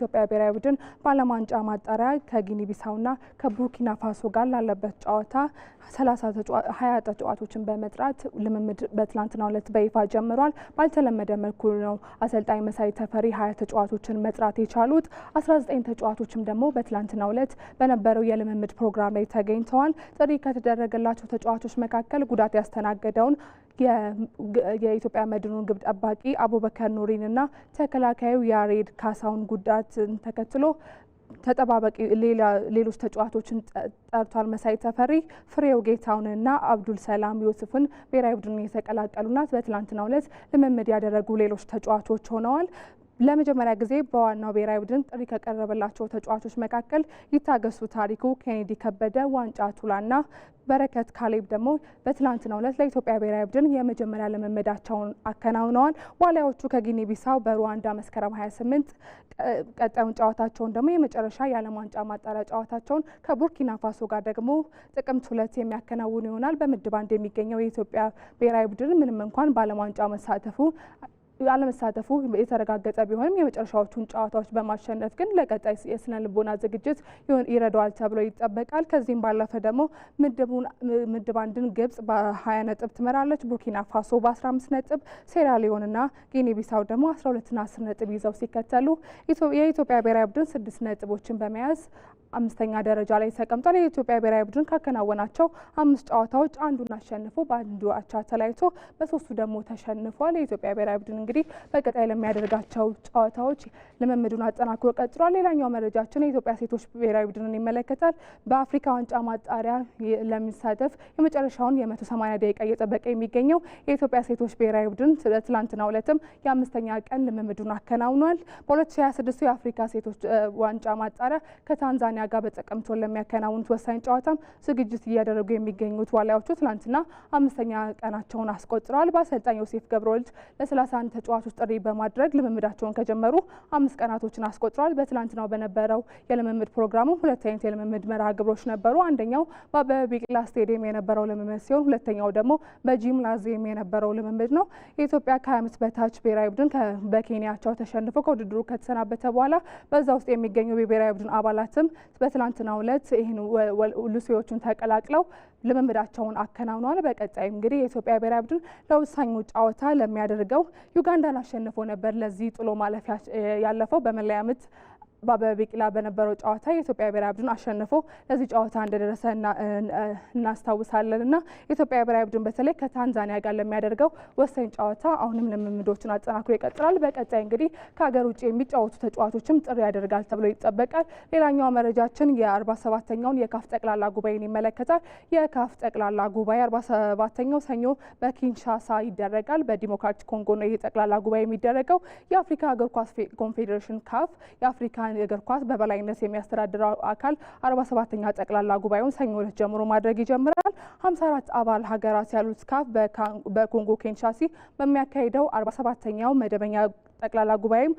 ኢትዮጵያ ብሔራዊ ቡድን በዓለም ዋንጫ ማጣሪያ ከጊኒ ቢሳውና ከቡርኪና ፋሶ ጋር ላለበት ጨዋታ ሀያ ተጫዋቾችን በመጥራት ልምምድ በትላንትናው ዕለት በይፋ ጀምሯል። ባልተለመደ መልኩ ነው አሰልጣኝ መሳይ ተፈሪ ሀያ ተጫዋቾችን መጥራት የቻሉት። አስራ ዘጠኝ ተጫዋቾችም ደግሞ በትላንትናው ዕለት በነበረው የልምምድ ፕሮግራም ላይ ተገኝተዋል። ጥሪ ከተደረገላቸው ተጫዋቾች መካከል ጉዳት ያስተናገደውን የኢትዮጵያ መድኑን ግብ ጠባቂ አቡበከር ኑሪንና ተከላካዩ ያሬድ ካሳውን ጉዳትን ተከትሎ ተጠባበቂ ሌሎች ተጫዋቾችን ጠርቷል። መሳይ ተፈሪ፣ ፍሬው ጌታውንና አብዱል ሰላም ዮስፍን ብሔራዊ ቡድን የተቀላቀሉና በትላንትናው ዕለት ልምምድ ያደረጉ ሌሎች ተጫዋቾች ሆነዋል። ለመጀመሪያ ጊዜ በዋናው ብሔራዊ ቡድን ጥሪ ከቀረበላቸው ተጫዋቾች መካከል ይታገሱ ታሪኩ፣ ኬኔዲ ከበደ፣ ዋንጫ ቱላ ና በረከት ካሌብ ደግሞ በትላንትናው ዕለት ለኢትዮጵያ ብሔራዊ ቡድን የመጀመሪያ ልምምዳቸውን አከናውነዋል። ዋሊያዎቹ ከጊኒ ቢሳው በሩዋንዳ መስከረም 28 ቀጣዩን ጨዋታቸውን ደግሞ የመጨረሻ የዓለም ዋንጫ ማጣሪያ ጨዋታቸውን ከቡርኪና ፋሶ ጋር ደግሞ ጥቅምት ሁለት የሚያከናውኑ ይሆናል። በምድብ አንድ የሚገኘው የኢትዮጵያ ብሔራዊ ቡድን ምንም እንኳን በዓለም ዋንጫ መሳተፉ አለመሳተፉ የተረጋገጠ ቢሆንም የመጨረሻዎቹን ጨዋታዎች በማሸነፍ ግን ለቀጣይ የስነ ልቦና ዝግጅት ይረዳዋል ተብሎ ይጠበቃል። ከዚህም ባለፈ ደግሞ ምድብ አንድን ግብጽ በ20 ነጥብ ትመራለች። ቡርኪና ፋሶ በ15 ነጥብ፣ ሴራሊዮንና ጊኒ ቢሳው ደግሞ 12ና 10 ነጥብ ይዘው ሲከተሉ የኢትዮጵያ ብሔራዊ ቡድን ስድስት ነጥቦችን በመያዝ አምስተኛ ደረጃ ላይ ተቀምጧል። የኢትዮጵያ ብሔራዊ ቡድን ካከናወናቸው አምስት ጨዋታዎች አንዱን አሸንፎ በአንዱ አቻ ተለያይቶ በሶስቱ ደግሞ ተሸንፏል። የኢትዮጵያ ብሔራዊ ቡድን እንግዲህ በቀጣይ ለሚያደርጋቸው ጨዋታዎች ልምምዱን አጠናክሮ ቀጥሏል። ሌላኛው መረጃችን የኢትዮጵያ ሴቶች ብሔራዊ ቡድንን ይመለከታል። በአፍሪካ ዋንጫ ማጣሪያ ለሚሳተፍ የመጨረሻውን የ180 ደቂቃ እየጠበቀ የሚገኘው የኢትዮጵያ ሴቶች ብሔራዊ ቡድን ትላንትናው ሁለትም የአምስተኛ ቀን ልምምዱን አከናውኗል። በ2026 የአፍሪካ ሴቶች ዋንጫ ማጣሪያ ከታንዛኒያ ጋር በጥቅምት ወር ለሚያከናውኑት ወሳኝ ጨዋታም ዝግጅት እያደረጉ የሚገኙት ዋሊያዎቹ ትላንትና አምስተኛ ቀናቸውን አስቆጥረዋል። በአሰልጣኝ ዮሴፍ ገብረወልድ ለ31 ተጫዋቾች ጥሪ በማድረግ ልምምዳቸውን ከጀመሩ አምስት ቀናቶችን አስቆጥረዋል። በትላንትናው በነበረው የልምምድ ፕሮግራሙ ሁለት አይነት የልምምድ መርሃ ግብሮች ነበሩ። አንደኛው በአበበ ቢቂላ ስቴዲየም የነበረው ልምምድ ሲሆን ሁለተኛው ደግሞ ላዚየም የነበረው ልምምድ ነው። የኢትዮጵያ ከሀያ በታች ብሔራዊ ቡድን በኬንያቸው ተሸንፎ ከውድድሩ ከተሰናበተ በኋላ በዛ ውስጥ የሚገኙ የብሔራዊ ቡድን አባላትም በትላንትናው ዕለት ይህን ሉሲዎቹን ተቀላቅለው ልምምዳቸውን አከናውነዋል። በቀጣይ እንግዲህ የኢትዮጵያ ብሔራዊ ቡድን ለወሳኙ ጨዋታ ለሚያደርገው ኡጋንዳን አሸንፎ ነበር ለዚህ ጥሎ ማለፍ ያለፈው በመለያ ምት በአበበ ቢቂላ በነበረው ጨዋታ የኢትዮጵያ ብሔራዊ ቡድን አሸንፎ ለዚህ ጨዋታ እንደደረሰ እናስታውሳለን እና የኢትዮጵያ ብሔራዊ ቡድን በተለይ ከታንዛኒያ ጋር ለሚያደርገው ወሳኝ ጨዋታ አሁንም ልምምዶችን አጠናክሮ ይቀጥላል። በቀጣይ እንግዲህ ከሀገር ውጭ የሚጫወቱ ተጫዋቾችም ጥሪ ያደርጋል ተብሎ ይጠበቃል። ሌላኛው መረጃችን የአርባ ሰባተኛውን የካፍ ጠቅላላ ጉባኤን ይመለከታል። የካፍ ጠቅላላ ጉባኤ አርባ ሰባተኛው ሰኞ በኪንሻሳ ይደረጋል። በዲሞክራቲክ ኮንጎ ነው ይህ ጠቅላላ ጉባኤ የሚደረገው። የአፍሪካ እግር ኳስ ኮንፌዴሬሽን ካፍ የአፍሪካ ቡድን እግር ኳስ በበላይነት የሚያስተዳድረው አካል አርባ ሰባተኛ ጠቅላላ ጉባኤውን ሰኞ ዕለት ጀምሮ ማድረግ ይጀምራል። ሀምሳ አራት አባል ሀገራት ያሉት ካፍ በኮንጎ ኬንሻሲ በሚያካሂደው አርባ ሰባተኛው መደበኛ ጠቅላላ ጉባኤም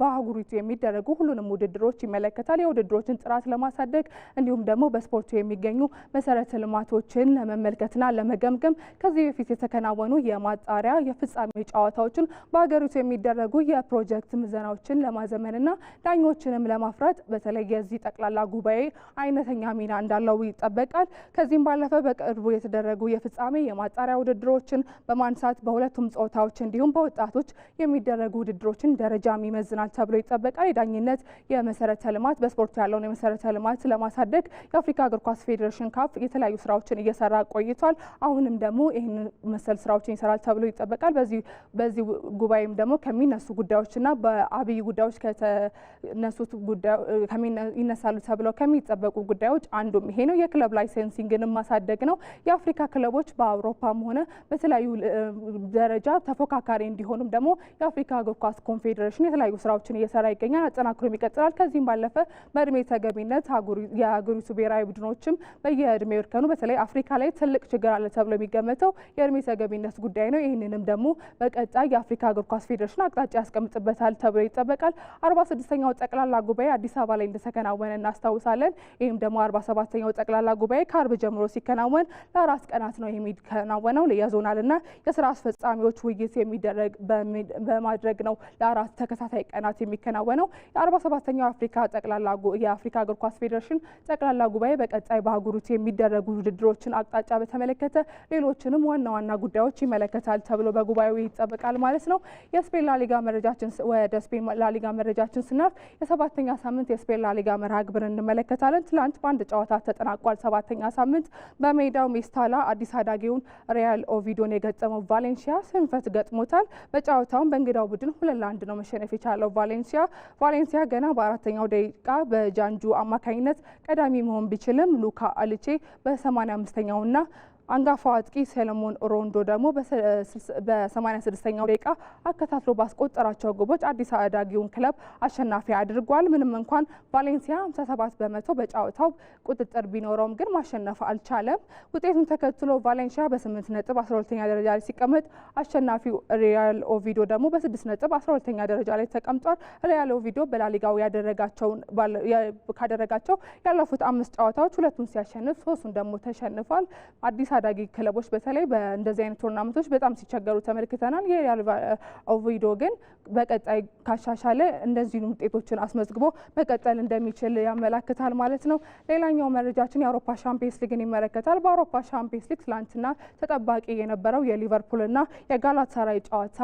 በአህጉሪቱ የሚደረጉ ሁሉንም ውድድሮች ይመለከታል። የውድድሮችን ጥራት ለማሳደግ እንዲሁም ደግሞ በስፖርቱ የሚገኙ መሰረተ ልማቶችን ለመመልከትና ለመገምገም ከዚህ በፊት የተከናወኑ የማጣሪያ የፍጻሜ ጨዋታዎችን በሀገሪቱ የሚደረጉ የፕሮጀክት ምዘናዎችን ለማዘመንና ዳኞችንም ለማፍራት በተለይ የዚህ ጠቅላላ ጉባኤ አይነተኛ ሚና እንዳለው ይጠበቃል። ከዚህም ባለፈ በቅርቡ የተደረጉ የፍጻሜ የማጣሪያ ውድድሮችን በማንሳት በሁለቱም ጾታዎች እንዲሁም በወጣቶች የሚደረጉ የሚደረጉ ውድድሮችን ደረጃም ይመዝናል ተብሎ ይጠበቃል። የዳኝነት የመሰረተ ልማት በስፖርቱ ያለውን የመሰረተ ልማት ለማሳደግ የአፍሪካ እግር ኳስ ፌዴሬሽን ካፍ የተለያዩ ስራዎችን እየሰራ ቆይቷል። አሁንም ደግሞ ይህን መሰል ስራዎችን ይሰራል ተብሎ ይጠበቃል። በዚህ ጉባኤም ደግሞ ከሚነሱ ጉዳዮችና በአብይ ጉዳዮች ከተነሱት ይነሳሉ ተብለው ከሚጠበቁ ጉዳዮች አንዱም ይሄ ነው። የክለብ ላይሰንሲንግንም ማሳደግ ነው። የአፍሪካ ክለቦች በአውሮፓም ሆነ በተለያዩ ደረጃ ተፎካካሪ እንዲሆኑም ደግሞ የአፍሪካ የአፍሪካ እግር ኳስ ኮንፌዴሬሽን የተለያዩ ስራዎችን እየሰራ ይገኛል፣ አጠናክሮ ይቀጥላል። ከዚህም ባለፈ በእድሜ ተገቢነት የሀገሪቱ ብሔራዊ ቡድኖችም በየእድሜ እርከኑ በተለይ አፍሪካ ላይ ትልቅ ችግር አለ ተብሎ የሚገመተው የእድሜ ተገቢነት ጉዳይ ነው። ይህንንም ደግሞ በቀጣይ የአፍሪካ እግር ኳስ ፌዴሬሽን አቅጣጫ ያስቀምጥበታል ተብሎ ይጠበቃል። አርባ ስድስተኛው ጠቅላላ ጉባኤ አዲስ አበባ ላይ እንደተከናወነ እናስታውሳለን። ይህም ደግሞ አርባ ሰባተኛው ጠቅላላ ጉባኤ ከአርብ ጀምሮ ሲከናወን ለአራት ቀናት ነው የሚከናወነው የዞናልና የስራ አስፈጻሚዎች ውይይት የሚደረግ በማድረግ በማድረግ ነው ለአራት ተከታታይ ቀናት የሚከናወነው። የ47ኛው አፍሪካ ጠቅላላ የአፍሪካ እግር ኳስ ፌዴሬሽን ጠቅላላ ጉባኤ በቀጣይ በአህጉሪቱ የሚደረጉ ውድድሮችን አቅጣጫ በተመለከተ ሌሎችንም ዋና ዋና ጉዳዮች ይመለከታል ተብሎ በጉባኤው ይጠበቃል ማለት ነው። የስፔን ላሊጋ መረጃችን ወደ ስፔን ላሊጋ መረጃችን ስናልፍ የሰባተኛ ሳምንት የስፔን ላሊጋ መርሃ እንመለከታለን። ትላንት በአንድ ጨዋታ ተጠናቋል። ሰባተኛ ሳምንት በሜዳው ሜስታላ አዲስ አዳጊውን ሪያል ኦቪዶን የገጠመው ቫሌንሺያ ሽንፈት ገጥሞታል። በጨዋታውም በእንግዳው ቡድን ሁለት ለአንድ ነው መሸነፍ የቻለው ቫሌንሲያ። ቫሌንሲያ ገና በአራተኛው ደቂቃ በጃንጁ አማካኝነት ቀዳሚ መሆን ቢችልም ሉካ አልቼ በ 85 ና አንጋፋው አጥቂ ሰለሞን ሮንዶ ደግሞ በ86ኛው ደቂቃ አከታትሎ ባስቆጠራቸው ግቦች አዲስ አዳጊውን ክለብ አሸናፊ አድርጓል። ምንም እንኳን ቫሌንሲያ 57 በመቶ በጨዋታው ቁጥጥር ቢኖረውም ግን ማሸነፍ አልቻለም። ውጤቱን ተከትሎ ቫሌንሲያ በ8 ነጥብ 12ኛ ደረጃ ላይ ሲቀመጥ፣ አሸናፊው ሪያል ኦቪዶ ደግሞ በ6 ነጥብ 12ኛ ደረጃ ላይ ተቀምጧል። ሪያል ኦቪዶ በላሊጋው ካደረጋቸው ያለፉት አምስት ጨዋታዎች ሁለቱን ሲያሸንፍ ሶስቱን ደግሞ ተሸንፏል። አዲስ ታዳጊ ክለቦች በተለይ በእንደዚህ አይነት ቶርናመንቶች በጣም ሲቸገሩ ተመልክተናል። የሪያል ኦቪዶ ግን በቀጣይ ካሻሻለ እንደዚህ ውጤቶችን አስመዝግቦ መቀጠል እንደሚችል ያመላክታል ማለት ነው። ሌላኛው መረጃችን የአውሮፓ ሻምፒየንስ ሊግን ይመለከታል። በአውሮፓ ሻምፒየንስ ሊግ ትላንትና ተጠባቂ የነበረው የሊቨርፑልና የጋላታሳራይ ጨዋታ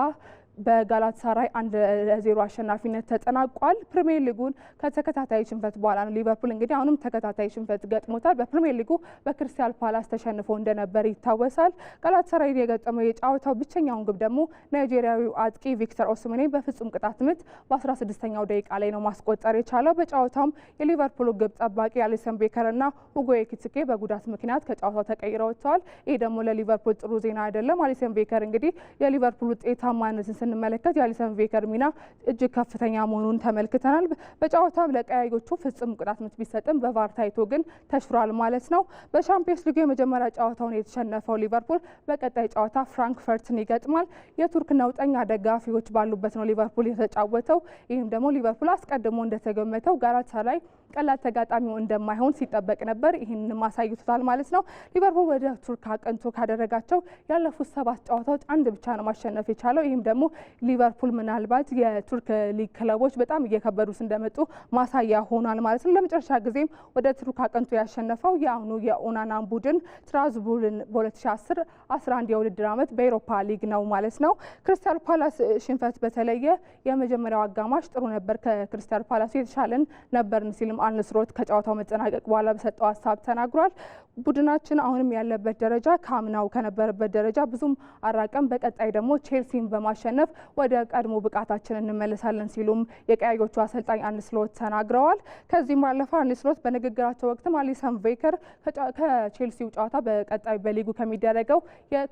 በጋላታሳራይ አንድ ለዜሮ አሸናፊነት ተጠናቋል። ፕሪሚየር ሊጉን ከተከታታይ ሽንፈት በኋላ ነው ሊቨርፑል እንግዲህ አሁንም ተከታታይ ሽንፈት ገጥሞታል። በፕሪሚየር ሊጉ በክሪስታል ፓላስ ተሸንፎ እንደነበር ይታወሳል። ጋላታሳራይን የገጠመው የጨዋታው ብቸኛውን ግብ ደግሞ ናይጄሪያዊው አጥቂ ቪክተር ኦስሜኔ በፍጹም ቅጣት ምት በ16ኛው ደቂቃ ላይ ነው ማስቆጠር የቻለው። በጨዋታውም የሊቨርፑል ግብ ጠባቂ አሊሰን ቤከርና ሁጎ ኤኪቲኬ በጉዳት ምክንያት ከጨዋታው ተቀይረው ወጥተዋል። ይህ ደግሞ ለሊቨርፑል ጥሩ ዜና አይደለም። አሊሰን ቤከር እንግዲህ የሊቨርፑል ውጤታማነትን ስንመለከት የአሊሰን ቤከር ሚና እጅግ ከፍተኛ መሆኑን ተመልክተናል። በጨዋታው ለቀያዮቹ ፍጹም ቅጣት ምት ቢሰጥም በቫር ታይቶ ግን ተሽሯል ማለት ነው። በሻምፒዮንስ ሊግ የመጀመሪያ ጨዋታውን የተሸነፈው ሊቨርፑል በቀጣይ ጨዋታ ፍራንክፈርትን ይገጥማል። የቱርክ ነውጠኛ ደጋፊዎች ባሉበት ነው ሊቨርፑል የተጫወተው። ይህም ደግሞ ሊቨርፑል አስቀድሞ እንደተገመተው ጋላታ ላይ ቀላል ተጋጣሚው እንደማይሆን ሲጠበቅ ነበር። ይህንን ማሳይቶታል ማለት ነው። ሊቨርፑል ወደ ቱርክ አቅንቶ ካደረጋቸው ያለፉት ሰባት ጨዋታዎች አንድ ብቻ ነው ማሸነፍ የቻለው። ይህም ደግሞ ሊቨርፑል ምናልባት የቱርክ ሊግ ክለቦች በጣም እየከበዱት እንደመጡ ማሳያ ሆኗል ማለት ነው። ለመጨረሻ ጊዜም ወደ ቱርክ አቅንቶ ያሸነፈው የአሁኑ የኦናናን ቡድን ትራዝቡርን በ2010 11 የውድድር ዓመት በኤሮፓ ሊግ ነው ማለት ነው። ክሪስታል ፓላስ ሽንፈት በተለየ የመጀመሪያው አጋማሽ ጥሩ ነበር። ከክሪስታል ፓላሱ የተሻለን ነበርን ሲልም አልንስሮት ከጨዋታው መጠናቀቅ በኋላ በሰጠው ሀሳብ ተናግሯል። ቡድናችን አሁንም ያለበት ደረጃ ከአምናው ከነበረበት ደረጃ ብዙም አራቀም። በቀጣይ ደግሞ ቼልሲን በማሸነፍ ወደ ቀድሞ ብቃታችን እንመለሳለን ሲሉም የቀያዮቹ አሰልጣኝ አንስሎት ተናግረዋል። ከዚህም ባለፈ አንስሎት በንግግራቸው ወቅትም አሊሰን ቬከር ከቼልሲው ጨዋታ በቀጣይ በሊጉ ከሚደረገው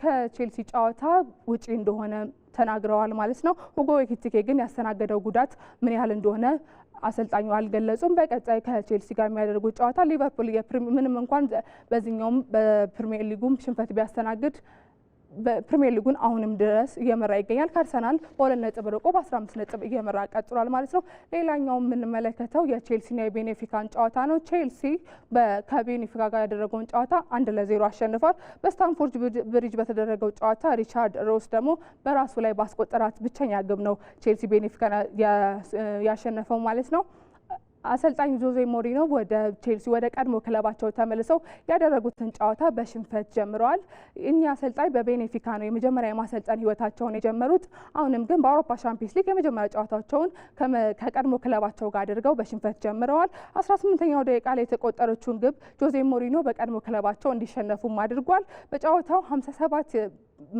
ከቼልሲ ጨዋታ ውጪ እንደሆነ ተናግረዋል ማለት ነው። ሁጎ ኤኪቲኬ ግን ያስተናገደው ጉዳት ምን ያህል እንደሆነ አሰልጣኙ አልገለጹም። በቀጣይ ከቼልሲ ጋር የሚያደርጉት ጨዋታ ሊቨርፑል ምንም እንኳን በዚህኛውም በፕሪሚየር ሊጉም ሽንፈት ቢያስተናግድ በፕሪሚየር ሊጉን አሁንም ድረስ እየመራ ይገኛል። ከአርሰናል በሁለት ነጥብ ርቆ በ15 ነጥብ እየመራ ቀጥሏል ማለት ነው። ሌላኛው የምንመለከተው የቼልሲና የቤኔፊካን ጨዋታ ነው። ቼልሲ ከቤኔፊካ ጋር ያደረገውን ጨዋታ አንድ ለዜሮ አሸንፏል። በስታንፎርድ ብሪጅ በተደረገው ጨዋታ ሪቻርድ ሮስ ደግሞ በራሱ ላይ ባስቆጠራት ብቸኛ ግብ ነው ቼልሲ ቤኔፊካን ያሸነፈው ማለት ነው። አሰልጣኝ ጆዜ ሞሪኖ ወደ ቼልሲ ወደ ቀድሞ ክለባቸው ተመልሰው ያደረጉትን ጨዋታ በሽንፈት ጀምረዋል። እኚህ አሰልጣኝ በቤኔፊካ ነው የመጀመሪያ የማሰልጠን ህይወታቸውን የጀመሩት። አሁንም ግን በአውሮፓ ሻምፒዮንስ ሊግ የመጀመሪያ ጨዋታቸውን ከቀድሞ ክለባቸው ጋር አድርገው በሽንፈት ጀምረዋል አስራ ስምንተኛው ደቂቃ ላይ የተቆጠረችውን ግብ ጆዜ ሞሪኖ በቀድሞ ክለባቸው እንዲሸነፉም አድርጓል። በጨዋታው ሰባት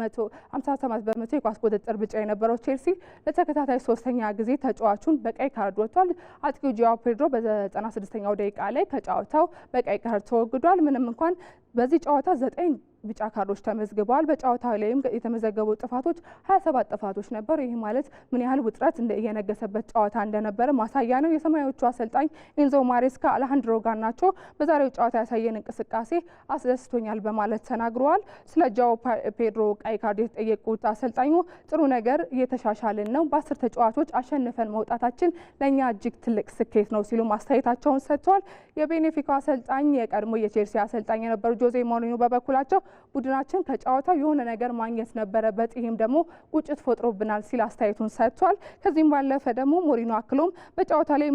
መቶ 57 በመቶ የኳስ ቁጥጥር ብቻ የነበረው ቼልሲ ለተከታታይ ሶስተኛ ጊዜ ተጫዋቹን በቀይ ካርድ ወጥቷል። አጥቂው ጂያው ፔድሮ በ96ኛው ደቂቃ ላይ ከጨዋታው በቀይ ካርድ ተወግዷል። ምንም እንኳን በዚህ ጨዋታ ዘጠኝ ቢጫ ካርዶች ተመዝግበዋል። በጨዋታ ላይም የተመዘገቡ ጥፋቶች ሰባት ጥፋቶች ነበሩ። ይህ ማለት ምን ያህል ውጥረት እየነገሰበት ጨዋታ እንደነበረ ማሳያ ነው። የሰማያዎቹ አሰልጣኝ ኢንዞ ማሬስካ አላሃንድሮ ጋርናቾ በዛሬው ጨዋታ ያሳየን እንቅስቃሴ አስደስቶኛል በማለት ተናግረዋል። ስለ ጃው ፔድሮ ቀይ ካርድ የተጠየቁት አሰልጣኙ ጥሩ ነገር እየተሻሻልን ነው፣ በአስር ተጫዋቾች አሸንፈን መውጣታችን ለእኛ እጅግ ትልቅ ስኬት ነው ሲሉ ማስተያየታቸውን ሰጥተዋል። የቤኔፊካ አሰልጣኝ የቀድሞ የቼልሲ አሰልጣኝ የነበሩ ጆዜ ሞሪኒዮ በበኩላቸው ቡድናችን ከጨዋታው የሆነ ነገር ማግኘት ነበረበት፣ ይህም ደግሞ ቁጭት ፈጥሮብናል ሲል አስተያየቱን ሰጥቷል። ከዚህም ባለፈ ደግሞ ሞሪኖ አክሎም በጨዋታ ላይ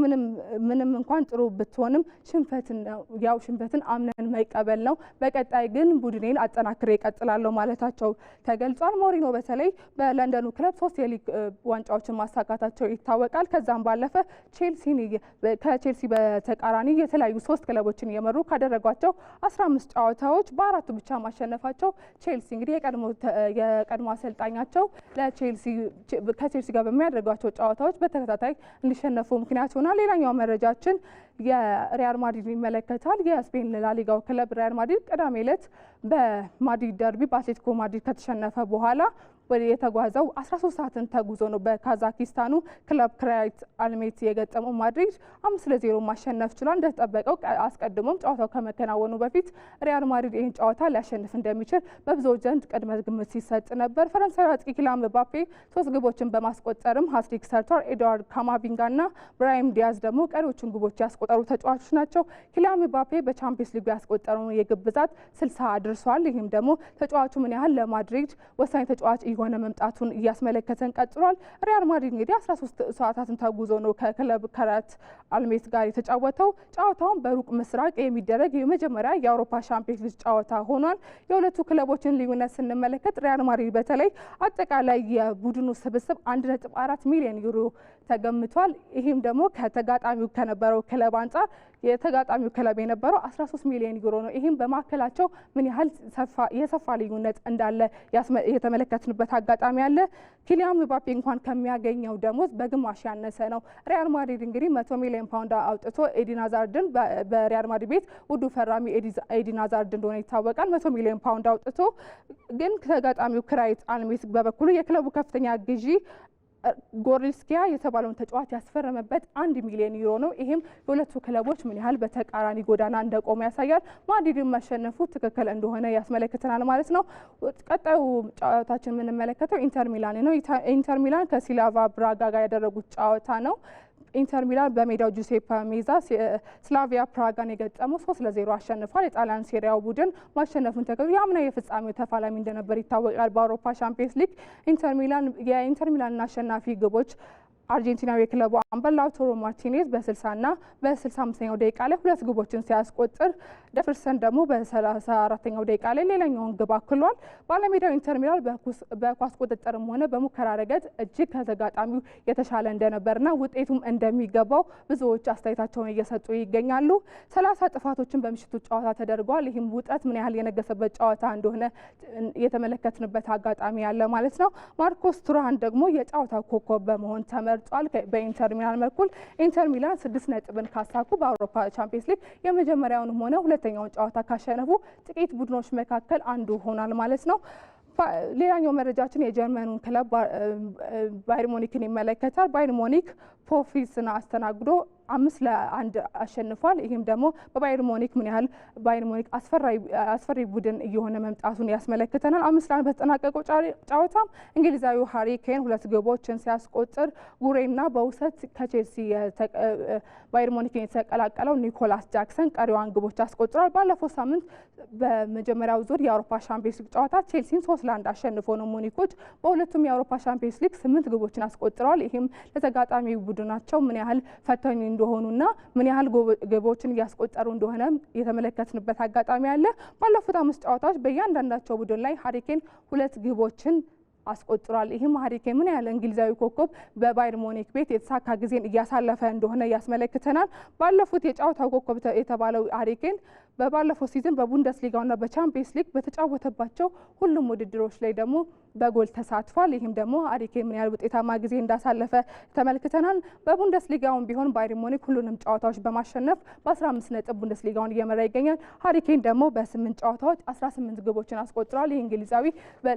ምንም እንኳን ጥሩ ብትሆንም ሽንፈትን ያው ሽንፈትን አምነን መቀበል ነው፣ በቀጣይ ግን ቡድኔን አጠናክሬ እቀጥላለሁ ማለታቸው ተገልጿል። ሞሪኖ በተለይ በለንደኑ ክለብ ሶስት የሊግ ዋንጫዎችን ማሳካታቸው ይታወቃል። ከዛም ባለፈ ቼልሲን ከቼልሲ በተቃራኒ የተለያዩ ሶስት ክለቦችን እየመሩ ካደረጓቸው አስራ አምስት ጨዋታዎች በአራቱ ብቻ ማሸ ያሸነፋቸው ቼልሲ እንግዲህ የቀድሞ አሰልጣኛቸው ከቼልሲ ጋር በሚያደርጓቸው ጨዋታዎች በተከታታይ እንዲሸነፉ ምክንያት ይሆናል። ሌላኛው መረጃችን የሪያል ማድሪድ ይመለከታል። የስፔን ላሊጋው ክለብ ሪያል ማድሪድ ቅዳሜ ዕለት በማድሪድ ደርቢ በአትሌቲኮ ማድሪድ ከተሸነፈ በኋላ ወደ የተጓዘው 13 ሰዓትን ተጉዞ ነው በካዛኪስታኑ ክለብ ክራይት አልሜት የገጠመው ማድሪድ አምስት ለዜሮ ማሸነፍ ችሏል። እንደተጠበቀው አስቀድሞም ጨዋታው ከመከናወኑ በፊት ሪያል ማድሪድ ይህን ጨዋታ ሊያሸንፍ እንደሚችል በብዙዎች ዘንድ ቅድመ ግምት ሲሰጥ ነበር። ፈረንሳዊ አጥቂ ኪሊያን ምባፔ ሶስት ግቦችን በማስቆጠርም ሀትሪክ ሰርቷል። ኤድዋርድ ካማቪንጋና ብራይም ዲያዝ ደግሞ ቀሪዎቹን ግቦች ያስቆጠሩ ተጫዋቾች ናቸው። ኪሊያን ምባፔ በቻምፒየንስ ሊጉ ያስቆጠረውን የግብ ብዛት አድርሷል። ይህም ደግሞ ተጫዋቹ ምን ያህል ለማድሪድ ወሳኝ ተጫዋች እየሆነ መምጣቱን እያስመለከተን ቀጥሏል። ሪያል ማድሪድ እንግዲህ 13 ሰዓታትን ተጉዞ ነው ከክለብ ከራት አልሜት ጋር የተጫወተው። ጨዋታውን በሩቅ ምስራቅ የሚደረግ የመጀመሪያ የአውሮፓ ሻምፒዮንስ ሊግ ጨዋታ ሆኗል። የሁለቱ ክለቦችን ልዩነት ስንመለከት ሪያል ማድሪድ በተለይ አጠቃላይ የቡድኑ ስብስብ 1.4 ሚሊዮን ዩሮ ተገምቷል። ይህም ደግሞ ከተጋጣሚው ከነበረው ክለብ አንጻር የተጋጣሚው ክለብ የነበረው 13 ሚሊዮን ዩሮ ነው። ይህም በማዕከላቸው ምን ያህል የሰፋ ልዩነት እንዳለ የተመለከትንበት አጋጣሚ አለ። ኪሊያን ምባፔ እንኳን ከሚያገኘው ደሞዝ በግማሽ ያነሰ ነው። ሪያል ማድሪድ እንግዲህ መቶ ሚሊዮን ፓውንድ አውጥቶ ኤዲን ሃዛርድን በሪያል ማድሪድ ቤት ውዱ ፈራሚ ኤዲን ሃዛርድ እንደሆነ ይታወቃል። መቶ ሚሊዮን ፓውንድ አውጥቶ ግን ተጋጣሚው ክራይት አልሜት በበኩሉ የክለቡ ከፍተኛ ግዢ ጎሪልስኪያ የተባለውን ተጫዋች ያስፈረመበት አንድ ሚሊዮን ዩሮ ነው። ይህም የሁለቱ ክለቦች ምን ያህል በተቃራኒ ጎዳና እንደቆመ ያሳያል። ማድሪድን መሸነፉ ትክክል እንደሆነ ያስመለክተናል ማለት ነው። ቀጣዩ ጨዋታችን የምንመለከተው ኢንተር ሚላን ነው። ኢንተር ሚላን ከሲላቫ ብራጋ ጋር ያደረጉት ጨዋታ ነው። ኢንተር ሚላን በሜዳው ጁሴፓ ሜዛ ስላቪያ ፕራጋን የገጠመው ሶስት ለዜሮ አሸንፏል። የጣሊያን ሴሪያው ቡድን ማሸነፉን ተከትሎ የአምና የፍጻሜው ተፋላሚ እንደነበር ይታወቃል። በአውሮፓ ሻምፒየንስ ሊግ ኢንተር ሚላን የኢንተር ሚላንን አሸናፊ ግቦች አርጀንቲናዊ የክለቡ አምበል ላውታሮ ማርቲኔዝ በ60ና በ65ኛው ደቂቃ ላይ ሁለት ግቦችን ሲያስቆጥር ደፍርሰን ደግሞ በ34ኛው ደቂቃ ላይ ሌላኛውን ግብ አክሏል። ባለሜዳው ኢንተር ሚላን በኳስ ቁጥጥርም ሆነ በሙከራ ረገድ እጅግ ከተጋጣሚው የተሻለ እንደነበርና ውጤቱም እንደሚገባው ብዙዎች አስተያየታቸውን እየሰጡ ይገኛሉ። ሰላሳ ጥፋቶችን በምሽቱ ጨዋታ ተደርገዋል። ይህም ውጠት ምን ያህል የነገሰበት ጨዋታ እንደሆነ የተመለከትንበት አጋጣሚ ያለ ማለት ነው። ማርኮስ ቱራን ደግሞ የጨዋታ ኮከብ በመሆን ተመ ተረድጿል። በኢንተር ሚላን በኩል ኢንተር ሚላን ስድስት ነጥብን ካሳኩ በአውሮፓ ቻምፒየንስ ሊግ የመጀመሪያውንም ሆነ ሁለተኛውን ጨዋታ ካሸነፉ ጥቂት ቡድኖች መካከል አንዱ ሆኗል ማለት ነው። ሌላኛው መረጃችን የጀርመኑን ክለብ ባየር ሙኒክን ይመለከታል። ባየር ሙኒክ ፖፊስን አስተናግዶ አምስት ለአንድ አሸንፏል። ይህም ደግሞ በባየር ሞኒክ ምን ያህል ባየር ሞኒክ አስፈሪ ቡድን እየሆነ መምጣቱን ያስመለክተናል። አምስት ለአንድ በተጠናቀቀው ጨዋታም እንግሊዛዊው ሀሪ ኬን ሁለት ግቦችን ሲያስቆጥር ጉሬና በውሰት ከቼልሲ ባየር ሞኒክን የተቀላቀለው ኒኮላስ ጃክሰን ቀሪዋን ግቦች አስቆጥሯል። ባለፈው ሳምንት በመጀመሪያው ዙር የአውሮፓ ሻምፒዮንስ ሊግ ጨዋታ ቼልሲን ሶስት ለአንድ አሸንፎ ነው ሞኒኮች በሁለቱም የአውሮፓ ሻምፒዮንስ ሊግ ስምንት ግቦችን አስቆጥረዋል። ይህም ለተጋጣሚ ቡድናቸው ምን ያህል ፈታኝ እንደሆኑና ምን ያህል ግቦችን እያስቆጠሩ እንደሆነ የተመለከትንበት አጋጣሚ አለ። ባለፉት አምስት ጨዋታዎች በእያንዳንዳቸው ቡድን ላይ ሀሪኬን ሁለት ግቦችን አስቆጥሯል። ይህም ሀሪኬን ምን ያህል እንግሊዛዊ ኮከብ በባየር ሙኒክ ቤት የተሳካ ጊዜን እያሳለፈ እንደሆነ ያስመለክተናል። ባለፉት የጨዋታው ኮከብ የተባለው ሀሪኬን በባለፈው ሲዝን በቡንደስሊጋውና በቻምፒየንስ ሊግ በተጫወተባቸው ሁሉም ውድድሮች ላይ ደግሞ በጎል ተሳትፏል። ይህም ደግሞ አሪኬ ምን ያህል ውጤታማ ጊዜ እንዳሳለፈ ተመልክተናል። በቡንደስሊጋውን ቢሆን ባየር ሙኒክ ሁሉንም ጨዋታዎች በማሸነፍ በ15 ነጥብ ቡንደስሊጋውን እየመራ ይገኛል። ሀሪኬን ደግሞ በ8 ጨዋታዎች 18 ግቦችን አስቆጥሯል። ይህ እንግሊዛዊ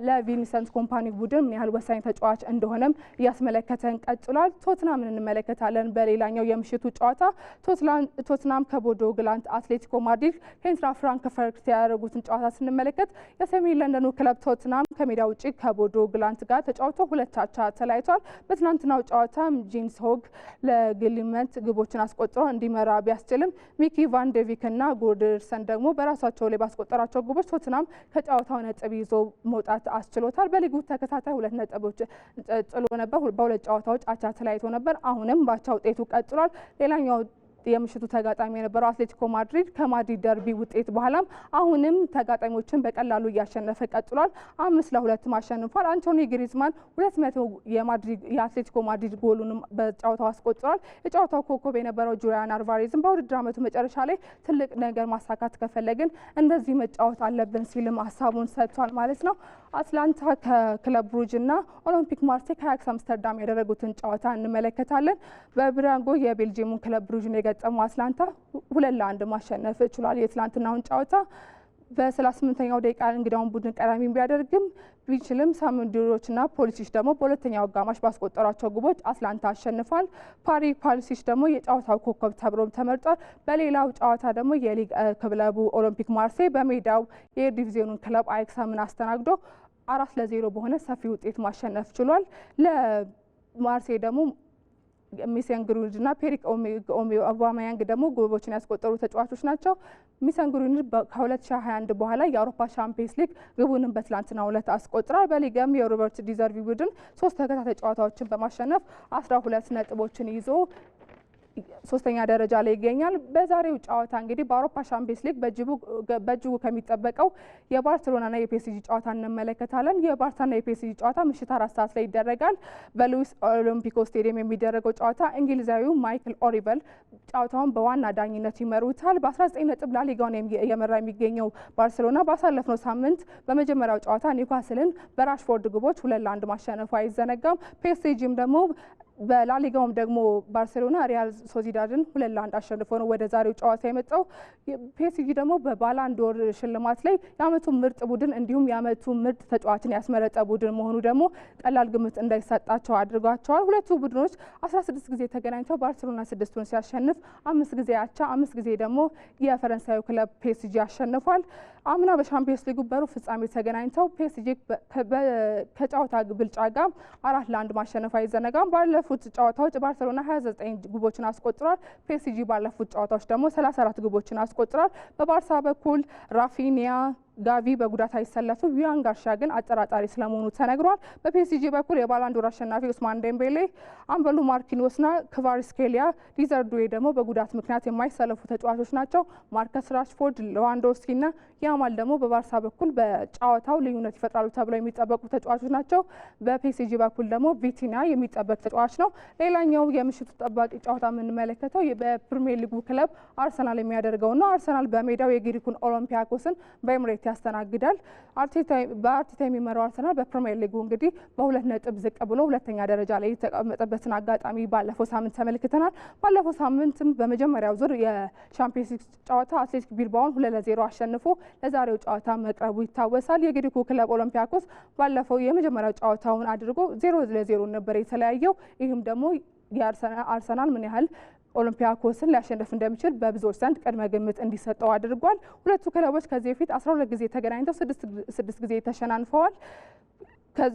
ለቪንሰንት ኮምፓኒ ቡድን ምን ያህል ወሳኝ ተጫዋች እንደሆነም እያስመለከተን ቀጥሏል። ቶትናምን እንመለከታለን። በሌላኛው የምሽቱ ጨዋታ ቶትናም ከቦዶ ግላንት አትሌቲኮ ማድሪድ ከኢንትራ ፍራንክፈርት ያደረጉትን ጨዋታ ስንመለከት የሰሜን ለንደኑ ክለብ ቶትናም ከሜዳ ውጭ ከቦዶ ግላንት ጋር ተጫውቶ ሁለት አቻ ተለያይቷል። በትናንትናው ጨዋታ ጂንስ ሆግ ለግሊመንት ግቦችን አስቆጥሮ እንዲመራ ቢያስችልም ሚኪ ቫን እና ጎደርሰን ደግሞ በራሳቸው ላይ ባስቆጠራቸው ግቦች ቶትናም ከጨዋታው ነጥብ ይዞ መውጣት አስችሎታል። በሊጉ ተከታታይ ሁለት ነጥቦች ጥሎ ነበር። በሁለት ጨዋታዎች አቻ ተለያይቶ ነበር። አሁንም ባቻ ውጤቱ ቀጥሏል። ሌላኛው የምሽቱ ተጋጣሚ የነበረው አትሌቲኮ ማድሪድ ከማድሪድ ደርቢ ውጤት በኋላም አሁንም ተጋጣሚዎችን በቀላሉ እያሸነፈ ቀጥሏል። አምስት ለሁለትም አሸንፏል። አንቶኒ ግሪዝማን ሁለት መቶ የአትሌቲኮ ማድሪድ ጎሉንም በጨዋታው አስቆጥሯል። የጨዋታው ኮከብ የነበረው ጁሪያን አልቫሬዝም በውድድር አመቱ መጨረሻ ላይ ትልቅ ነገር ማሳካት ከፈለግን እንደዚህ መጫወት አለብን ሲልም ሀሳቡን ሰጥቷል ማለት ነው። አትላንታ ከክለብ ብሩጅና ኦሎምፒክ ማርሴይ ከአያክስ አምስተርዳም ያደረጉትን ጨዋታ እንመለከታለን። በብራንጎ የቤልጅየሙን ክለብ ብሩጅን የገ የገጠመው አትላንታ ሁለት ለአንድ ማሸነፍ ችሏል። የትላንትናውን ጨዋታ በ38ኛው ደቂቃ እንግዳውን ቡድን ቀዳሚ ቢያደርግም ቢችልም ሳምንዱሮችና ፖሊሲች ደግሞ በሁለተኛው አጋማሽ ባስቆጠሯቸው ግቦች አትላንታ አሸንፏል። ፓሪ ፓሊሲች ደግሞ የጨዋታው ኮከብ ተብሎም ተመርጧል። በሌላው ጨዋታ ደግሞ የሊግ ክለቡ ኦሎምፒክ ማርሴይ በሜዳው የዲቪዚዮኑን ክለብ አይክሳምን አስተናግዶ አራት ለዜሮ በሆነ ሰፊ ውጤት ማሸነፍ ችሏል። ለማርሴይ ደግሞ ሚሰን ግሩንጅ እና ፔሪክ ኦባማያንግ ደግሞ ጎቦችን ያስቆጠሩ ተጫዋቾች ናቸው። ሚሰን ግሩንጅ ከ2021 በኋላ የአውሮፓ ሻምፒየንስ ሊግ ግቡንም በትላንትናው ዕለት አስቆጥሯል። በሊግም የሮበርት ዲዘርቪ ቡድን ሶስት ተከታታይ ጨዋታዎችን በማሸነፍ 12 ነጥቦችን ይዞ ሶስተኛ ደረጃ ላይ ይገኛል። በዛሬው ጨዋታ እንግዲህ በአውሮፓ ሻምፒየንስ ሊግ በእጅጉ ከሚጠበቀው የባርሴሎናና የፒኤስጂ ጨዋታ እንመለከታለን። የባርሳና የፒኤስጂ ጨዋታ ምሽት አራት ሰዓት ላይ ይደረጋል። በሉዊስ ኦሎምፒኮ ስቴዲየም የሚደረገው ጨዋታ እንግሊዛዊው ማይክል ኦሪቨል ጨዋታውን በዋና ዳኝነት ይመሩታል። በ19 ነጥብ ላሊጋውን እየመራ የሚገኘው ባርሴሎና ባሳለፍነው ሳምንት በመጀመሪያው ጨዋታ ኒውካስልን በራሽፎርድ ግቦች ሁለት ለአንድ ማሸነፉ አይዘነጋም። ፒኤስጂም ደግሞ በላሊጋውም ደግሞ ባርሴሎና ሪያል ሶሲዳድን ሁለት ለአንድ አሸንፎ ነው ወደ ዛሬው ጨዋታ የመጣው። ፒኤስጂ ደግሞ በባላንዶር ሽልማት ላይ የአመቱ ምርጥ ቡድን እንዲሁም የአመቱ ምርጥ ተጫዋችን ያስመረጠ ቡድን መሆኑ ደግሞ ቀላል ግምት እንዳይሰጣቸው አድርጓቸዋል። ሁለቱ ቡድኖች 16 ጊዜ ተገናኝተው ባርሴሎና ስድስቱን ሲያሸንፍ አምስት ጊዜ አቻ፣ አምስት ጊዜ ደግሞ የፈረንሳዩ ክለብ ፒኤስጂ አሸንፏል። አምና በሻምፒዮንስ ሊጉ በሩብ ፍጻሜ ተገናኝተው ፒኤስጂ ከጨዋታ ብልጫ ጋር አራት ለአንድ ማሸነፍ አይዘነጋም። ባለፈው ባለፉት ጨዋታዎች ባርሴሎና 29 ግቦችን አስቆጥሯል። ፔሲጂ ባለፉት ጨዋታዎች ደግሞ 34 ግቦችን አስቆጥሯል። በባርሳ በኩል ራፊኒያ ጋቪ በጉዳት አይሰለፍም። ቢያን ጋርሻ ግን አጠራጣሪ ስለመሆኑ ተነግሯል። በፒኤስጂ በኩል የባላንዶር አሸናፊ ኡስማን ዴምቤሌ፣ አምበሉ ማርኪኖስና ክቫሪስ ኬሊያ፣ ደግሞ በጉዳት ምክንያት የማይሰለፉ ተጫዋቾች ናቸው። ማርከስ ራሽፎርድ፣ ሌዋንዶስኪና ያማል ደግሞ በባርሳ በኩል በጨዋታው ልዩነት ይፈጥራሉ ተብለው የሚጠበቁ ተጫዋቾች ናቸው። በፒኤስጂ በኩል ደግሞ ቪቲና የሚጠበቅ ተጫዋች ነው። ሌላኛው የምሽቱ ጠባቂ ጨዋታ የምንመለከተው በፕሪሚየር ሊጉ ክለብ አርሰናል የሚያደርገው ነው። አርሰናል በሜዳው የግሪኩን ኦሎምፒያኮስን በኤምሬት ያስተናግዳል። በአርቴታ የሚመራው አርሰናል በፕሪሚየር ሊጉ እንግዲህ በሁለት ነጥብ ዝቅ ብሎ ሁለተኛ ደረጃ ላይ የተቀመጠበትን አጋጣሚ ባለፈው ሳምንት ተመልክተናል። ባለፈው ሳምንትም በመጀመሪያው ዙር የሻምፒዮንስ ሊግ ጨዋታ አትሌቲክ ቢልባውን ሁለት ለዜሮ አሸንፎ ለዛሬው ጨዋታ መቅረቡ ይታወሳል። የግሪኩ ክለብ ኦሎምፒያኮስ ባለፈው የመጀመሪያው ጨዋታውን አድርጎ ዜሮ ለዜሮ ነበር የተለያየው። ይህም ደግሞ የአርሰናል ምን ያህል ኦሎምፒያኮስን ሊያሸንፍ እንደሚችል በብዙዎች ዘንድ ቅድመ ግምት እንዲሰጠው አድርጓል። ሁለቱ ክለቦች ከዚህ በፊት 12 ጊዜ ተገናኝተው ስድስት ጊዜ ተሸናንፈዋል።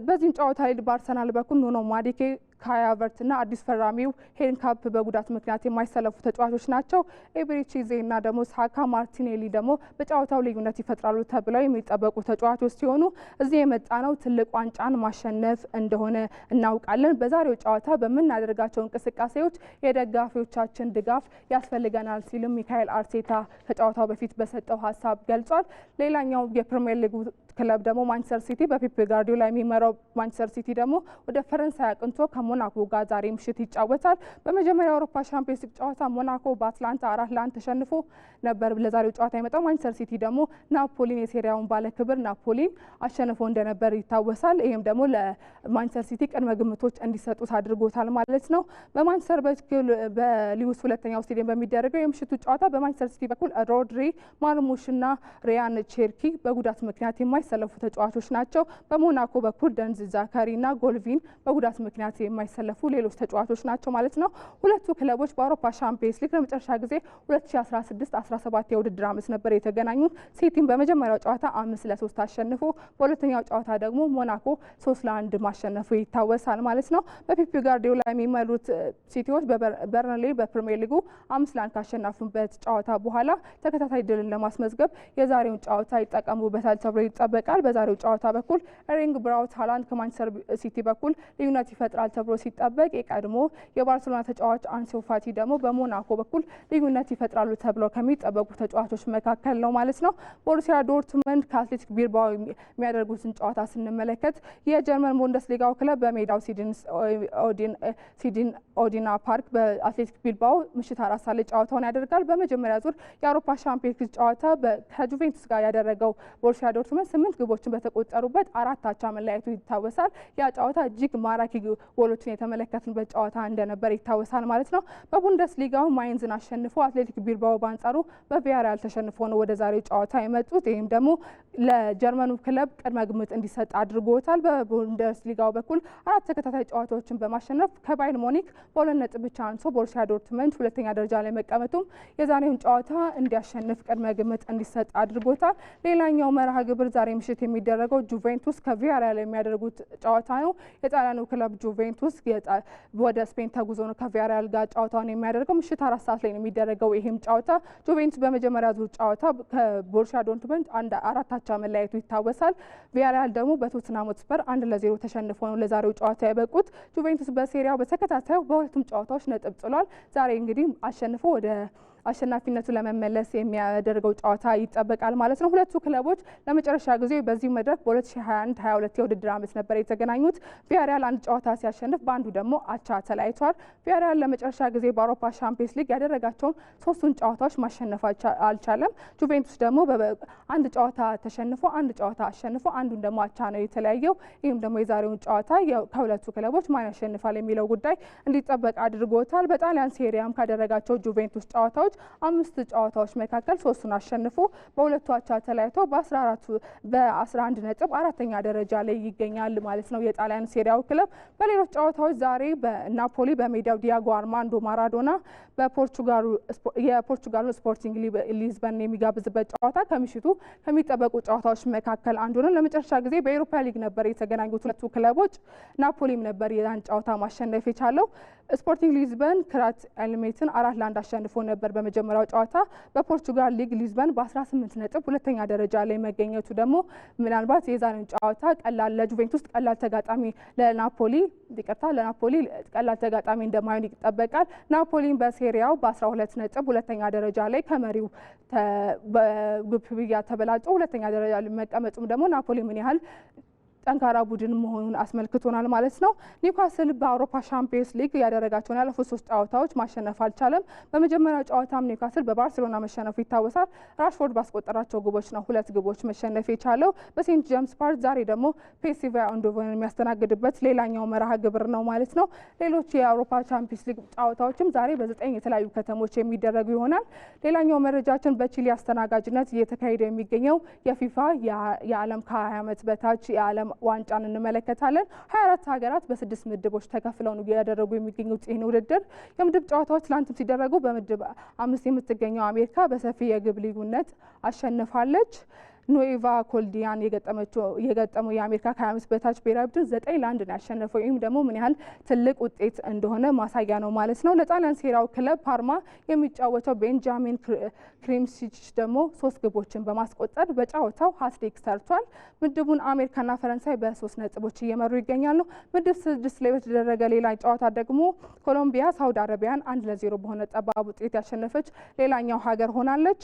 በዚህም ጨዋታ ላይ በአርሰናል በኩል ኑኖ ማዲኬ ካይ ሃቨርትና አዲስ ፈራሚው ሄንካፕ በጉዳት ምክንያት የማይሰለፉ ተጫዋቾች ናቸው። ኤቤሬቺዜና ደግሞ ሳካ ማርቲኔሊ ደግሞ በጨዋታው ልዩነት ይፈጥራሉ ተብለው የሚጠበቁ ተጫዋቾች ሲሆኑ እዚህ የመጣ ነው ትልቅ ዋንጫን ማሸነፍ እንደሆነ እናውቃለን። በዛሬው ጨዋታ በምናደርጋቸው እንቅስቃሴዎች የደጋፊዎቻችን ድጋፍ ያስፈልገናል ሲልም ሚካኤል አርቴታ ከጨዋታው በፊት በሰጠው ሀሳብ ገልጿል። ሌላኛው የፕሪምየር ሊግ ክለብ ደግሞ ማንቸስተር ሲቲ በፒፕ ጋርዲዮላ የሚመራው ማንቸስተር ሲቲ ደግሞ ወደ ፈረንሳይ አቅንቶ ከሞናኮ ጋር ዛሬ ምሽት ይጫወታል። በመጀመሪያ የአውሮፓ ሻምፒዮንስ ሊግ ጨዋታ ሞናኮ በአትላንታ አራት ለአንድ ተሸንፎ ነበር ለዛሬው ጨዋታ የመጣው። ማንቸስተር ሲቲ ደግሞ ናፖሊን የሴሪያውን ባለ ክብር ናፖሊን አሸንፎ እንደነበር ይታወሳል። ይህም ደግሞ ለማንቸስተር ሲቲ ቅድመ ግምቶች እንዲሰጡት አድርጎታል ማለት ነው። በማንቸስተር በሊዩስ ሁለተኛው ስቴዲየም በሚደረገው የምሽቱ ጨዋታ በማንቸስተር ሲቲ በኩል ሮድሪ፣ ማርሙሽና ሪያን ቼርኪ በጉዳት ምክንያት የማይሰለፉ ተጫዋቾች ናቸው። በሞናኮ በኩል ደንዝ ዛካሪና ጎልቪን በጉዳት ምክንያት የማይሰለፉ ሌሎች ተጫዋቾች ናቸው ማለት ነው። ሁለቱ ክለቦች በአውሮፓ ሻምፒየንስ ሊግ ለመጨረሻ ጊዜ 2016-17 የውድድር ዓመት ነበር የተገናኙት። ሴቲም በመጀመሪያው ጨዋታ አምስት ለሶስት አሸንፎ በሁለተኛው ጨዋታ ደግሞ ሞናኮ ሶስት ለአንድ ማሸነፉ ይታወሳል ማለት ነው። በፔፕ ጋርዲዮላ የሚመሩት ሲቲዎች በበርንሌ በፕሪሚየር ሊጉ አምስት ለአንድ ካሸነፉበት ጨዋታ በኋላ ተከታታይ ድልን ለማስመዝገብ የዛሬውን ጨዋታ ይጠቀሙበታል ተብሎ ይጠበቃል። በዛሬው ጨዋታ በኩል ኤሪንግ ብራውት ሃላንድ ከማንቸስተር ሲቲ በኩል ልዩነት ይፈጥራል ተብሎ ሲጠበቅ የቀድሞ የባርሴሎና ተጫዋች አንሱ ፋቲ ደግሞ በሞናኮ በኩል ልዩነት ይፈጥራሉ ተብለው ከሚጠበቁ ተጫዋቾች መካከል ነው ማለት ነው። ቦሩሲያ ዶርትመንድ ከአትሌቲክ ቢልባኦ የሚያደርጉትን ጨዋታ ስንመለከት የጀርመን ሊጋው ክለብ በሜዳው ሲድን ኦዲና ፓርክ በአትሌቲክ ቢልባኦ ምሽት አራት ሳለ ጨዋታውን ያደርጋል። በመጀመሪያ ዙር የአውሮፓ ሻምፒዮንስ ሊግ ጨዋታ ከጁቬንቱስ ጋር ያደረገው ቦሩሲያ ዶርትመንድ ስምንት ግቦችን በተቆጠሩበት አራት አቻ መለያየቱ ይታወሳል። ያ ጨዋታ እጅግ ማራኪ ጎሎ ጎሎችን የተመለከትንበት ጨዋታ እንደነበር ይታወሳል ማለት ነው። በቡንደስሊጋው ማይንዝን አሸንፎ አትሌቲክ ቢልባኦ በአንጻሩ በቪያሪያል ተሸንፎ ነው ወደ ዛሬው ጨዋታ የመጡት። ይህም ደግሞ ለጀርመኑ ክለብ ቅድመ ግምት እንዲሰጥ አድርጎታል። በቡንደስሊጋው በኩል አራት ተከታታይ ጨዋታዎችን በማሸነፍ ከባይር ሞኒክ በሁለት ነጥብ ብቻ አንሶ ቦርሲያ ዶርትመንድ ሁለተኛ ደረጃ ላይ መቀመጡም የዛሬውን ጨዋታ እንዲያሸንፍ ቅድመ ግምት እንዲሰጥ አድርጎታል። ሌላኛው መርሃ ግብር ዛሬ ምሽት የሚደረገው ጁቬንቱስ ከቪያሪያል የሚያደርጉት ጨዋታ ነው። የጣሊያኑ ክለብ ጁቬንቱስ ውስጥ ወደ ስፔን ተጉዞ ነው ከቪያሪያል ጋር ጨዋታውን የሚያደርገው። ምሽት አራት ሰዓት ላይ ነው የሚደረገው ይህም ጨዋታ። ጁቬንቱስ በመጀመሪያ ዙር ጨዋታ ከቦርሻ ዶንትመንድ አንድ አራት አቻ መለያየቱ ይታወሳል። ቪያሪያል ደግሞ በቶትናም ሆትስፐር አንድ ለዜሮ ተሸንፎ ነው ለዛሬው ጨዋታ ያበቁት። ጁቬንቱስ በሴሪያው በተከታታዩ በሁለቱም ጨዋታዎች ነጥብ ጥሏል። ዛሬ እንግዲህ አሸንፎ ወደ አሸናፊነቱ ለመመለስ የሚያደርገው ጨዋታ ይጠበቃል ማለት ነው። ሁለቱ ክለቦች ለመጨረሻ ጊዜ በዚህ መድረክ በ2021/22 የውድድር ዓመት ነበር የተገናኙት። ቪያሪያል አንድ ጨዋታ ሲያሸንፍ በአንዱ ደግሞ አቻ ተለያይቷል። ቪያሪያል ለመጨረሻ ጊዜ በአውሮፓ ሻምፒየንስ ሊግ ያደረጋቸውን ሶስቱን ጨዋታዎች ማሸነፍ አልቻለም። ጁቬንቱስ ደግሞ አንድ ጨዋታ ተሸንፎ አንድ ጨዋታ አሸንፎ አንዱን ደግሞ አቻ ነው የተለያየው። ይህም ደግሞ የዛሬውን ጨዋታ ከሁለቱ ክለቦች ማን ያሸንፋል የሚለው ጉዳይ እንዲጠበቅ አድርጎታል። በጣሊያን ሴሪያም ካደረጋቸው ጁቬንቱስ ጨዋታዎች ጨዋታዎች አምስት ጨዋታዎች መካከል ሶስቱን አሸንፎ በሁለቱ አቻ ተለያይቶ በ14 በ11 ነጥብ አራተኛ ደረጃ ላይ ይገኛል ማለት ነው የጣሊያን ሴሪያው ክለብ። በሌሎች ጨዋታዎች ዛሬ በናፖሊ በሜዳው ዲያጎ አርማንዶ ማራዶና የፖርቹጋሉ ስፖርቲንግ ሊዝበን የሚጋብዝበት ጨዋታ ከምሽቱ ከሚጠበቁ ጨዋታዎች መካከል አንዱ ነው። ለመጨረሻ ጊዜ በኤሮፓ ሊግ ነበር የተገናኙት ሁለቱ ክለቦች። ናፖሊም ነበር የዛን ጨዋታ ማሸነፍ የቻለው። ስፖርቲንግ ሊዝበን ክራት ኤልሜትን አራት ለአንድ አሸንፎ ነበር። በመጀመሪያው ጨዋታ በፖርቹጋል ሊግ ሊዝበን በ18 ነጥብ ሁለተኛ ደረጃ ላይ መገኘቱ ደግሞ ምናልባት የዛሬን ጨዋታ ቀላል ለጁቬንቱስ ቀላል ተጋጣሚ ለናፖሊ ይቅርታ ለናፖሊ ቀላል ተጋጣሚ እንደማይሆን ይጠበቃል። ናፖሊን በሴሪያው በ12 ነጥብ ሁለተኛ ደረጃ ላይ ከመሪው በግብ ብያ ተበላጦ ሁለተኛ ደረጃ መቀመጡም ደግሞ ናፖሊ ምን ያህል ጠንካራ ቡድን መሆኑን አስመልክቶናል ማለት ነው። ኒውካስል በአውሮፓ ሻምፒየንስ ሊግ ያደረጋቸውን ያለፉት ሶስት ጨዋታዎች ማሸነፍ አልቻለም። በመጀመሪያው ጨዋታም ኒውካስል በባርሴሎና መሸነፉ ይታወሳል። ራሽፎርድ ባስቆጠራቸው ግቦች ነው ሁለት ግቦች መሸነፍ የቻለው በሴንት ጀምስ ፓርክ። ዛሬ ደግሞ ፔሲቫ አንዶቨን የሚያስተናግድበት ሌላኛው መርሃ ግብር ነው ማለት ነው። ሌሎች የአውሮፓ ቻምፒዮንስ ሊግ ጨዋታዎችም ዛሬ በዘጠኝ የተለያዩ ከተሞች የሚደረጉ ይሆናል። ሌላኛው መረጃችን በቺሊ አስተናጋጅነት እየተካሄደ የሚገኘው የፊፋ የዓለም ከ20 ዓመት በታች የዓለም ዋንጫን እንመለከታለን። 24 ሀገራት በስድስት ምድቦች ተከፍለው ነው እያደረጉ የሚገኙት ይህን ውድድር። የምድብ ጨዋታዎች ትላንትም ሲደረጉ በምድብ አምስት የምትገኘው አሜሪካ በሰፊ የግብ ልዩነት አሸንፋለች። ኖኤቫ ኮልዲያን የገጠመው የአሜሪካ ከ አምስት በታች ብሔራዊ ቡድን ዘጠኝ ለአንድ ነው ያሸነፈው። ይህም ደግሞ ምን ያህል ትልቅ ውጤት እንደሆነ ማሳያ ነው ማለት ነው። ለጣሊያን ሴራው ክለብ ፓርማ የሚጫወተው ቤንጃሚን ክሪምሲች ደግሞ ሶስት ግቦችን በማስቆጠር በጨዋታው ሀትሪክ ሰርቷል። ምድቡን አሜሪካና ፈረንሳይ በሶስት ነጥቦች እየመሩ ይገኛሉ። ምድብ ስድስት ላይ በተደረገ ሌላ ጨዋታ ደግሞ ኮሎምቢያ ሳውዲ አረቢያን አንድ ለዜሮ በሆነ ጠባብ ውጤት ያሸነፈች ሌላኛው ሀገር ሆናለች።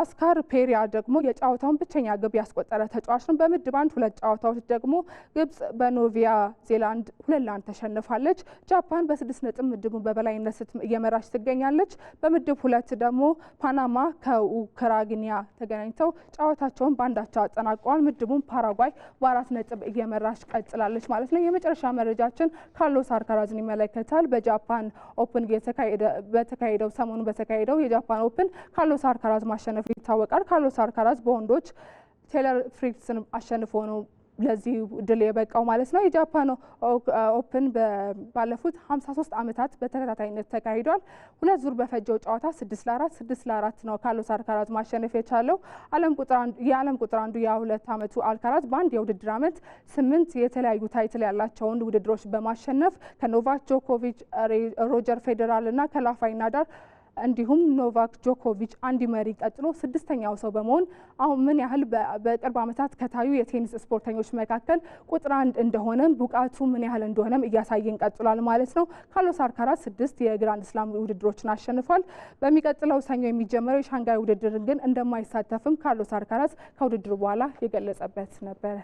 አስካር ፔሪያ ደግሞ የጨዋታውን ብቸኛ ግብ ያስቆጠረ ተጫዋች ነው። በምድብ አንድ ሁለት ጨዋታዎች ደግሞ ግብጽ በኖቪያ ዜላንድ ሁለት ለአንድ ተሸንፋለች። ጃፓን በስድስት ነጥብ ምድቡን በበላይነት እየመራች ትገኛለች። በምድብ ሁለት ደግሞ ፓናማ ከኡክራይና ተገናኝተው ጨዋታቸውን በአንዳቸው አጠናቀዋል። ምድቡን ፓራጓይ በአራት ነጥብ እየመራች ቀጥላለች ማለት ነው። የመጨረሻ መረጃችን ካርሎስ አልካራዝን ይመለከታል። በጃፓን ኦፕን በተካሄደው ሰሞኑ በተካሄደው የጃፓን ኦፕን ካርሎስ አልካራዝ ማሸነፍ ማሸነፉ ይታወቃል። ካርሎስ አልካራዝ በወንዶች ቴለር ፍሪትስን አሸንፎ ነው ለዚህ ድል የበቃው ማለት ነው። የጃፓን ኦፕን ባለፉት 53 ዓመታት በተከታታይነት ተካሂዷል። ሁለት ዙር በፈጀው ጨዋታ 6 ለ4 6 ለ4 ነው ካርሎስ አልካራዝ ማሸነፍ የቻለው። የዓለም ቁጥር አንዱ የሁለት ዓመቱ አልካራዝ በአንድ የውድድር ዓመት ስምንት የተለያዩ ታይትል ያላቸውን ውድድሮች በማሸነፍ ከኖቫክ ጆኮቪች፣ ሮጀር ፌዴራል እና ከላፋይ ናዳር እንዲሁም ኖቫክ ጆኮቪች አንዲ መሪ ቀጥሎ ስድስተኛው ሰው በመሆን አሁን ምን ያህል በቅርብ ዓመታት ከታዩ የቴኒስ ስፖርተኞች መካከል ቁጥር አንድ እንደሆነም ብቃቱ ምን ያህል እንደሆነም እያሳየን ቀጥሏል ማለት ነው። ካርሎስ አልካራዝ ስድስት የግራንድ ስላም ውድድሮችን አሸንፏል። በሚቀጥለው ሰኞ የሚጀመረው የሻንጋይ ውድድር ግን እንደማይሳተፍም ካርሎስ አልካራዝ ከውድድሩ በኋላ የገለጸበት ነበረ።